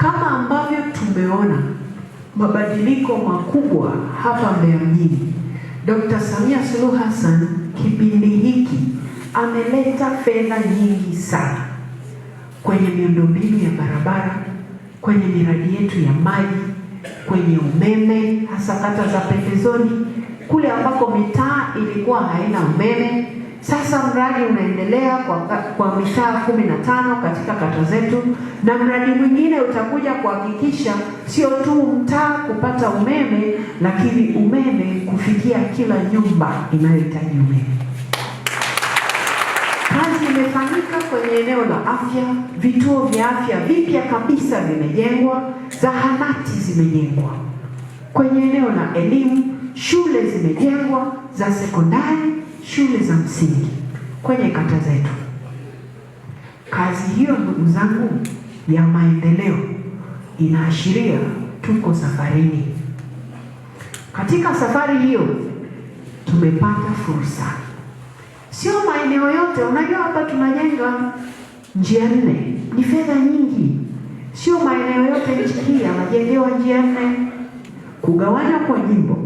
Kama ambavyo tumeona mabadiliko makubwa hapa Mbeya mjini, Dkt. Samia Suluhu Hassan kipindi hiki ameleta fedha nyingi sana kwenye miundombinu ya barabara, kwenye miradi yetu ya maji, kwenye umeme, hasa kata za pembezoni kule ambako mitaa ilikuwa haina umeme sasa mradi unaendelea kwa, kwa mitaa kumi na tano katika kata zetu, na mradi mwingine utakuja kuhakikisha sio tu mtaa kupata umeme, lakini umeme kufikia kila nyumba inayohitaji umeme. Kazi imefanyika kwenye eneo la afya, vituo vya afya vipya kabisa vimejengwa, zahanati zimejengwa. Kwenye eneo la elimu, shule zimejengwa za sekondari shule za msingi kwenye kata zetu. Kazi hiyo ndugu zangu ya maendeleo inaashiria tuko safarini. Katika safari hiyo tumepata fursa, sio maeneo yote. Unajua hapa tunajenga njia nne, ni fedha nyingi, sio maeneo yote nchi hii yanajengewa njia nne. Kugawanya kwa jimbo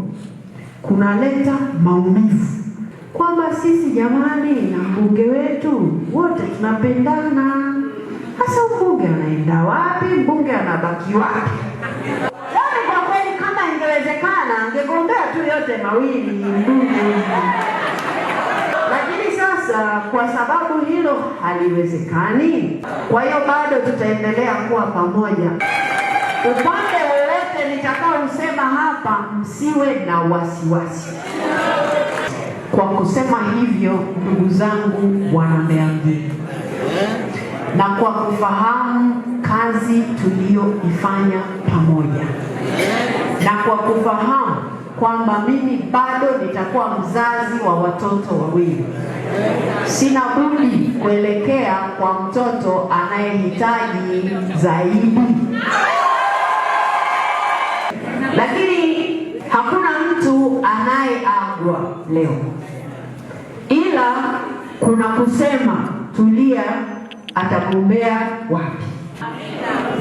kunaleta maumivu kwamba sisi jamani, na mbunge wetu wote tunapendana. Sasa mbunge anaenda wapi? Mbunge anabaki wapi? Yaani kwa kweli, kama ingewezekana angegombea tu yote mawili mbunge, lakini sasa kwa sababu hilo haliwezekani, kwa hiyo bado tutaendelea kuwa pamoja. Upande wowote nitakaosema hapa, msiwe na wasiwasi wasi. Kwa kusema hivyo, ndugu zangu wana na kwa kufahamu kazi tuliyoifanya pamoja, na kwa kufahamu kwamba mimi bado nitakuwa mzazi wa watoto wawili, sina budi kuelekea kwa mtoto anayehitaji zaidi, lakini hakuna mtu anayeagwa leo kuna kusema Tulia atagombea wapi,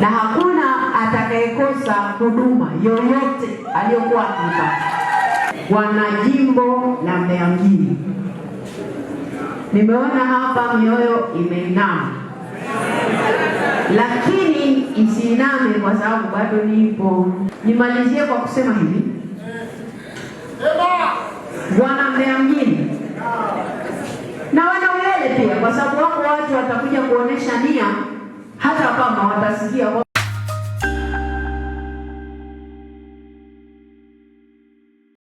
na hakuna atakayekosa huduma yoyote aliyokuwa akipata. jimbo la Mbeya mjini, nimeona hapa mioyo imeinama, lakini isiname kwa sababu bado nipo. Nimalizie kwa kusema hivi, wana Mbeya mjini kwa sababu wako watu watakuja kuonesha nia hata kama watasikia